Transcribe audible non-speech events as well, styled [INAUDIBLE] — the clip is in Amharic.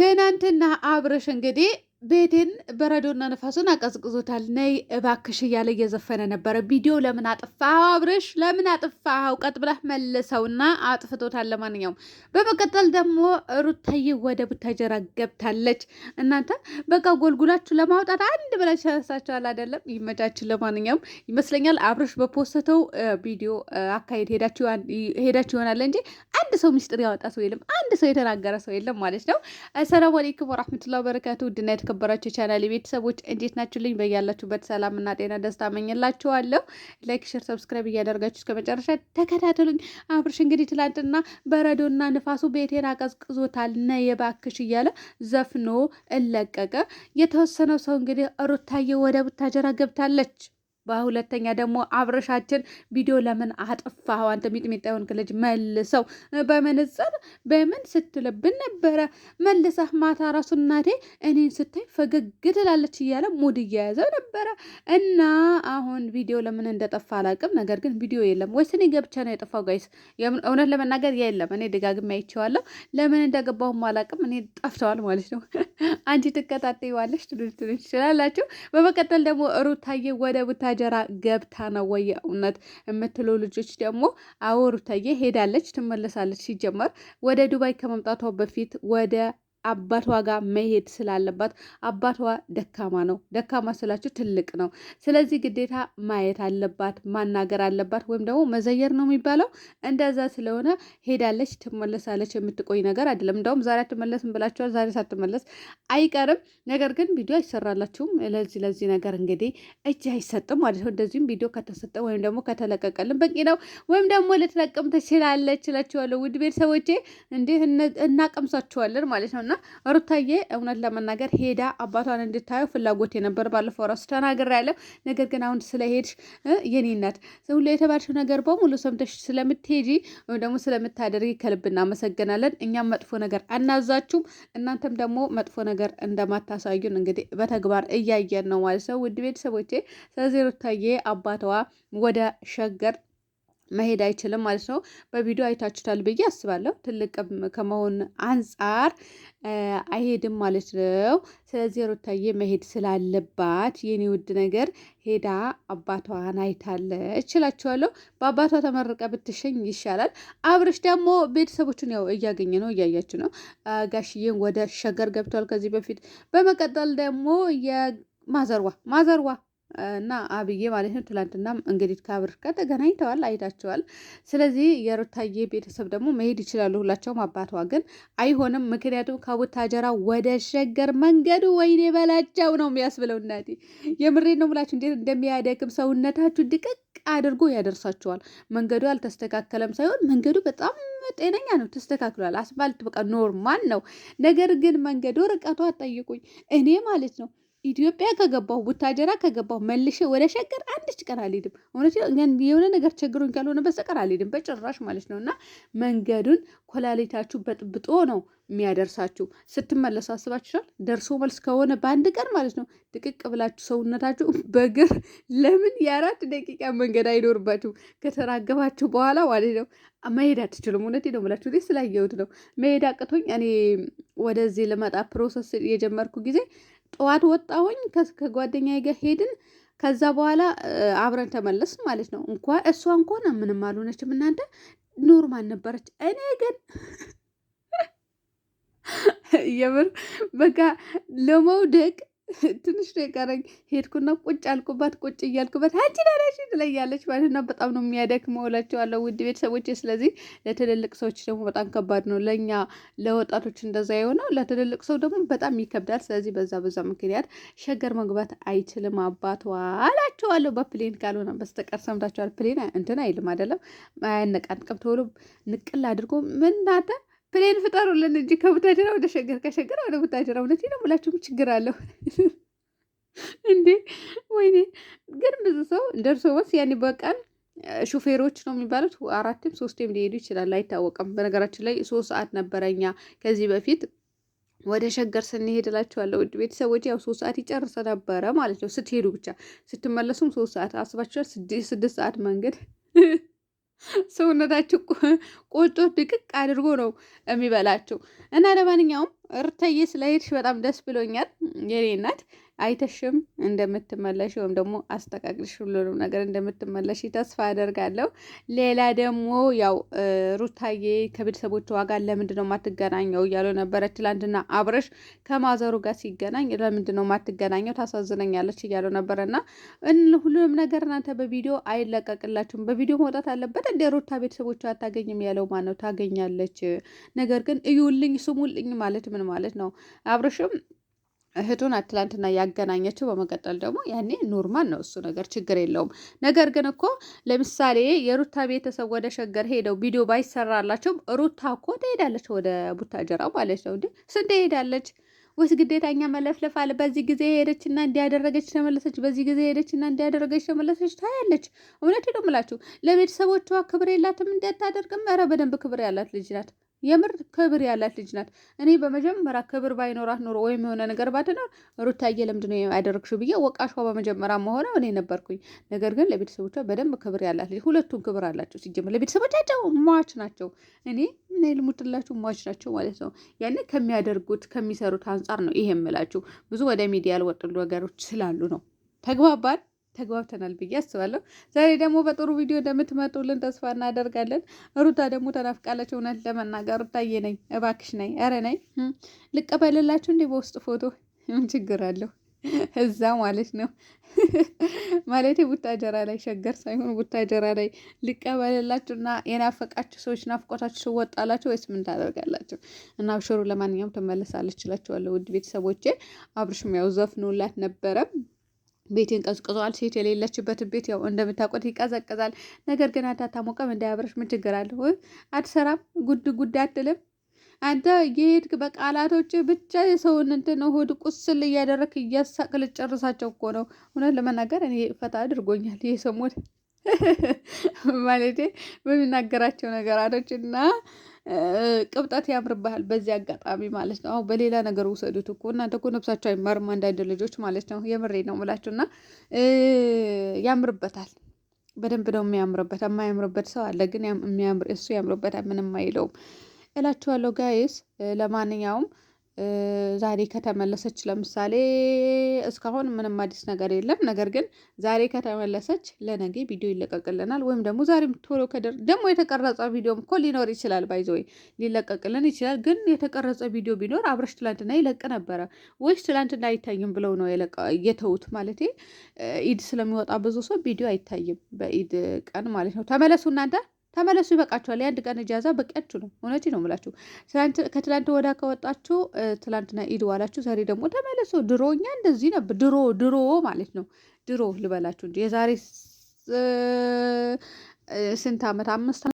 ትናንትና አብርሽ እንግዲህ ቤቴን በረዶና ነፋሱን አቀዝቅዞታል። ነይ እባክሽ እያለ እየዘፈነ ነበረ። ቪዲዮ ለምን አጥፋኸው አብርሽ? ለምን አጥፋኸው? ቀጥ ብለህ መልሰውና አጥፍቶታል። ለማንኛውም በመቀጠል ደግሞ ሩታዬ ወደ ቡታጀራ ገብታለች። እናንተ በቃ ጎልጉላችሁ ለማውጣት አንድ ብላችሁ ተነሳችኋል አይደለም? ይመቻችሁ። ለማንኛውም ይመስለኛል አብርሽ በፖስተው ቪዲዮ አካሄድ ሄዳችሁ ይሆናል እንጂ አንድ ሰው ሚስጥር ያወጣ ሰው የለም። አንድ ሰው የተናገረ ሰው የለም ማለት ነው። ሰላም አለይኩም ወራህመቱላሂ በረካቱ ድናይት የተከበራችሁ የቻናል ቤተሰቦች እንዴት ናችሁልኝ? በያላችሁበት ሰላምና ጤና ደስታ መኝላችኋለሁ። ላይክ፣ ሼር፣ ሰብስክራይብ እያደርጋችሁ እስከ መጨረሻ ተከታተሉኝ። አብርሽ እንግዲህ ትላንትና በረዶና ንፋሱ ቤቴን አቀዝቅዞታል ነ የባክሽ እያለ ዘፍኖ እለቀቀ። የተወሰነው ሰው እንግዲህ ሩታዬ ወደ ቡታጀራ ገብታለች በሁለተኛ ደግሞ አብረሻችን ቪዲዮ ለምን አጠፋኸው? አንተ ሚጥሚጣ የሆንክ ልጅ መልሰው በመነጽር በምን ስትልብን ነበረ መልሰህ ማታ ራሱ እናቴ እኔን ስታይ ፈገግ ትላለች እያለ ሙድ እየያዘው ነበረ። እና አሁን ቪዲዮ ለምን እንደጠፋ አላውቅም፣ ነገር ግን ቪዲዮ የለም ወይስ እኔ ገብቼ ነው የጠፋው? ጋይስ እውነት ለመናገር የለም፣ እኔ ደጋግሜ አይቼዋለሁ። ለምን እንደገባሁም አላውቅም። እኔ ጠፍተዋል ማለት ነው። [LAUGHS] አንቺ ትከታተይዋለሽ ትችላላችሁ። በመቀጠል ደግሞ ሩታዬ ወደ ቡታ ቡታጀራ ገብታ ነው ወይ እውነት የምትሉ ልጆች ደግሞ አውሩተዬ ሄዳለች፣ ትመለሳለች። ሲጀመር ወደ ዱባይ ከመምጣቷ በፊት ወደ አባቷ ጋር መሄድ ስላለባት አባቷ ደካማ ነው። ደካማ ስላችሁ ትልቅ ነው። ስለዚህ ግዴታ ማየት አለባት፣ ማናገር አለባት፣ ወይም ደግሞ መዘየር ነው የሚባለው። እንደዛ ስለሆነ ሄዳለች፣ ትመለሳለች። የምትቆይ ነገር አይደለም። እንደውም ዛሬ አትመለስም ብላችኋል። ዛሬ ሳትመለስ አይቀርም። ነገር ግን ቪዲዮ አይሰራላችሁም። ለዚህ ለዚህ ነገር እንግዲህ እጅ አይሰጥም ማለት ነው። እንደዚህም ቪዲዮ ከተሰጠ ወይም ደግሞ ከተለቀቀልን በቂ ነው። ወይም ደግሞ ልትለቅም ትችላለች። እላችኋለሁ ውድ ቤተሰቦቼ እንዲህ እናቀምሳችኋለን ማለት ነው። እና ሩታዬ እውነት ለመናገር ሄዳ አባቷን እንድታየው ፍላጎት የነበር ባለፈው ራሱ ያለው ነገር ግን አሁን ስለሄድሽ የኔነት ሁሉ የተባልሽው ነገር በሙሉ ሰምተሽ ስለምትሄጂ ወይም ደግሞ ስለምታደርጊ ከልብ እናመሰግናለን። እኛም መጥፎ ነገር አናዛችሁም፣ እናንተም ደግሞ መጥፎ ነገር እንደማታሳዩን እንግዲህ በተግባር እያየን ነው ማለት ነው። ውድ ቤተሰቦቼ ስለዚህ ሩታዬ አባተዋ ወደ ሸገር መሄድ አይችልም ማለት ነው። በቪዲዮ አይታችሁታል ብዬ አስባለሁ። ትልቅ ከመሆን አንጻር አይሄድም ማለት ነው። ስለዚህ ሩታዬ መሄድ ስላለባት የኔ ውድ ነገር ሄዳ አባቷን አይታለች እችላችኋለሁ። በአባቷ ተመርቃ ብትሸኝ ይሻላል። አብርሽ ደግሞ ቤተሰቦቹን ያው እያገኘ ነው፣ እያያችሁ ነው። ጋሽዬን ወደ ሸገር ገብቷል ከዚህ በፊት በመቀጠል ደግሞ የማዘርዋ ማዘርዋ እና አብዬ ማለት ነው። ትላንትና እንግዲህ ከአብርሽ ጋር ተገናኝተዋል፣ አይታቸዋል። ስለዚህ የሩታዬ ቤተሰብ ደግሞ መሄድ ይችላሉ ሁላቸውም። አባቷ ግን አይሆንም፣ ምክንያቱም ከቡታጀራ ወደ ሸገር መንገዱ ወይኔ በላቸው ነው የሚያስብለው። እናቴ የምሬ ነው ብላችሁ እንዴት እንደሚያደግም ሰውነታችሁ ድቅቅ አድርጎ ያደርሳቸዋል መንገዱ አልተስተካከለም ሳይሆን መንገዱ በጣም ጤነኛ ነው፣ ተስተካክሏል። አስፋልት በቃ ኖርማል ነው። ነገር ግን መንገዱ ርቀቷ አጠይቁኝ እኔ ማለት ነው ኢትዮጵያ ከገባሁ ቡታጀራ ከገባሁ መልሼ ወደ ሸገር አንድች ቀን አልሄድም። እውነት የሆነ ነገር ቸግሮኝ ካልሆነ በስተቀር አልሄድም በጭራሽ ማለት ነው። እና መንገዱን ኮላሌታችሁ በጥብጦ ነው የሚያደርሳችሁ። ስትመለሱ አስባችኋል? ደርሶ መልስ ከሆነ በአንድ ቀን ማለት ነው ድቅቅ ብላችሁ ሰውነታችሁ በእግር ለምን የአራት ደቂቃ መንገድ አይኖርባችሁ ከተራገባችሁ በኋላ ማለት ነው መሄድ አትችሉም። እውነት ነው የምላችሁ ስላየሁት ነው። መሄድ አቅቶኝ እኔ ወደዚህ ልመጣ ፕሮሰስ የጀመርኩ ጊዜ ጠዋት ወጣሁኝ ከጓደኛዬ ጋር ሄድን። ከዛ በኋላ አብረን ተመለስ ማለት ነው። እንኳ እሷ እንኳን ምንም አልሆነችም እናንተ ኖርማል ነበረች። እኔ ግን [LAUGHS] የምር በቃ ለመውደቅ ትንሽ ነው የቀረኝ። ሄድኩና ቁጭ አልኩባት፣ ቁጭ እያልኩበት አንቺ ናለሽ ትለያለች ማለት ነው። በጣም ነው የሚያደክመው እላቸዋለሁ ውድ ቤተሰቦች። ስለዚህ ለትልልቅ ሰዎች ደግሞ በጣም ከባድ ነው። ለእኛ ለወጣቶች እንደዛ የሆነው ለትልልቅ ሰው ደግሞ በጣም ይከብዳል። ስለዚህ በዛ በዛ ምክንያት ሸገር መግባት አይችልም አባቷ እላቸዋለሁ። በፕሌን ካልሆነ በስተቀር ሰምታችኋል። ፕሌን እንትን አይልም አይደለም፣ አያነቃንቅም። ቶሎ ንቅል አድርጎ ምናተ ፕሌን ፍጠሩልን እንጂ ከቡታጅራ ወደ ሸገር ከሸገር ወደ ቡታጅራ። እውነት ነው የምላችሁ ችግር አለው እንዴ? ወይኔ ግን ብዙ ሰው ደርሶ ወስ ያኔ በቀን ሹፌሮች ነው የሚባሉት አራትም ሶስትም ሊሄዱ ይችላል፣ አይታወቅም። በነገራችን ላይ ሶስት ሰዓት ነበረኛ ከዚህ በፊት ወደ ሸገር ስንሄድ እላችኋለሁ ውድ ቤተሰቦች፣ ያው ሶስት ሰዓት ይጨርሰ ነበረ ማለት ነው። ስትሄዱ ብቻ ስትመለሱም ሶስት ሰዓት አስባችኋል። ስድስት ሰዓት መንገድ ሰውነታችሁ ቆጮ ድቅቅ አድርጎ ነው የሚበላችሁ። እና ለማንኛውም እርተዬ ስለሄድሽ በጣም ደስ ብሎኛል የኔ እናት። አይተሽም እንደምትመለሽ ወይም ደግሞ አስተካክልሽ ሁሉንም ነገር እንደምትመለሽ ተስፋ አደርጋለሁ። ሌላ ደግሞ ያው ሩታዬ ከቤተሰቦች ዋጋ ለምንድ ነው ማትገናኘው እያሉ ነበረ። ትላንትና አብረሽ ከማዘሩ ጋር ሲገናኝ ለምንድ ነው ማትገናኘው ታሳዝነኛለች እያሉ ነበረ። እና ሁሉንም ነገር እናንተ በቪዲዮ አይለቀቅላችሁም፣ በቪዲዮ መውጣት አለበት እንደ ሩታ ቤተሰቦች አታገኝም ያለው ማን ነው? ታገኛለች። ነገር ግን እዩልኝ ስሙልኝ ማለት ምን ማለት ነው? አብረሽም እህቱን አትላንትና ያገናኘችው። በመቀጠል ደግሞ ያኔ ኖርማል ነው እሱ ነገር ችግር የለውም። ነገር ግን እኮ ለምሳሌ የሩታ ቤተሰብ ወደ ሸገር ሄደው ቪዲዮ ባይሰራላቸውም ሩታ እኮ ትሄዳለች ወደ ቡታጀራ ማለት ነው። እንዴ ስንዴ ሄዳለች ወይስ ግዴታኛ መለፍለፍ አለ? በዚህ ጊዜ ሄደችና እንዲያደረገች ተመለሰች፣ በዚህ ጊዜ ሄደችና እንዲያደረገች ተመለሰች። ታያለች። እውነት ነው የምላችሁ። ለቤተሰቦቿ ክብር የላትም እንዲያታደርግም። ኧረ በደንብ ክብር ያላት ልጅ ናት። የምር ክብር ያላት ልጅ ናት። እኔ በመጀመሪያ ክብር ባይኖራት ኖሮ ወይም የሆነ ነገር ባትኖር ሩታዬ ለምንድን ነው ያደረግሽው ብዬ ወቃሿ በመጀመሪያ መሆነ እኔ ነበርኩኝ። ነገር ግን ለቤተሰቦቿ በደንብ ክብር ያላት ልጅ፣ ሁለቱም ክብር አላቸው። ሲጀምር ለቤተሰቦቻቸው ሟች ናቸው። እኔ ምን ልሙትላችሁ ሟች ናቸው ማለት ነው። ያኔ ከሚያደርጉት ከሚሰሩት አንጻር ነው ይሄ የምላችሁ። ብዙ ወደ ሚዲያ ያልወጡ ነገሮች ስላሉ ነው። ተግባባል። ተግባብተናል ብዬ አስባለሁ። ዛሬ ደግሞ በጥሩ ቪዲዮ እንደምትመጡልን ተስፋ እናደርጋለን። ሩታ ደግሞ ተናፍቃለች። እውነት ለመናገር ሩታዬ ነኝ፣ እባክሽ ነኝ፣ ኧረ ነኝ። ልቀበልላችሁ እንዴ በውስጥ ፎቶ? ምን ችግር አለሁ? እዛ ማለት ነው ማለት ቡታጀራ ላይ ሸገር ሳይሆን ቡታጀራ ላይ ልቀበልላችሁ ልቀበልላችሁና የናፈቃችሁ ሰዎች ናፍቆታችሁ ስወጣላችሁ ወይስ ምን ታደርጋላችሁ? እና አብሽሩ። ለማንኛውም ትመለሳለች እላችኋለሁ ውድ ቤተሰቦቼ። አብርሽም ያው ዘፍኑላት ነበረም ቤቴን ቀዝቅዟል። ሴት የሌለችበት ቤት ያው እንደምታውቁት ይቀዘቅዛል። ነገር ግን አንተ አታሞቀም እንዳያብረሽ ምን ችግር አለ? አትሰራም፣ ጉድ ጉድ አትልም። አንተ የሄድክ በቃላቶች ብቻ የሰውን እንትን ሆድ ቁስል እያደረክ እያሳቅ ልጨርሳቸው እኮ ነው። እውነት ለመናገር እኔ ፈታ አድርጎኛል ይህ ሰሞን [LAUGHS] ማለቴ በሚናገራቸው ነገራቶች እና ቅብጠት ያምርብሃል። በዚህ አጋጣሚ ማለት ነው። አሁን በሌላ ነገር ውሰዱት እኮ እናንተ እኮ ነብሳቸው አይማርም አንዳንድ ልጆች ማለት ነው። የምሬ ነው ምላችሁ እና ያምርበታል በደንብ ነው የሚያምርበት። የማያምርበት ሰው አለ፣ ግን እሱ ያምርበታል፣ ምንም አይለውም እላችኋለሁ ጋይስ ለማንኛውም ዛሬ ከተመለሰች ለምሳሌ እስካሁን ምንም አዲስ ነገር የለም። ነገር ግን ዛሬ ከተመለሰች ለነገ ቪዲዮ ይለቀቅልናል። ወይም ደግሞ ዛሬም ቶሎ ከደር ደግሞ የተቀረጸ ቪዲዮም እኮ ሊኖር ይችላል። ባይዘ ወይ ሊለቀቅልን ይችላል። ግን የተቀረጸ ቪዲዮ ቢኖር አብረሽ ትላንትና ይለቅ ነበረ ወይስ ትላንትና አይታይም ብለው ነው የተዉት? ማለት ኢድ ስለሚወጣ ብዙ ሰው ቪዲዮ አይታይም በኢድ ቀን ማለት ነው። ተመለሱ እናንተ ተመለሱ፣ ይበቃችኋል። የአንድ ቀን እጃዛ በቂያችሁ ነው። እውነት ነው የምላችሁ። ከትላንት ወዳ ከወጣችሁ ትላንትና ኢድ ዋላችሁ፣ ዛሬ ደግሞ ተመለሱ። ድሮ እኛ እንደዚህ ነበር። ድሮ ድሮ ማለት ነው ድሮ ልበላችሁ እንጂ የዛሬ ስንት ዓመት አምስት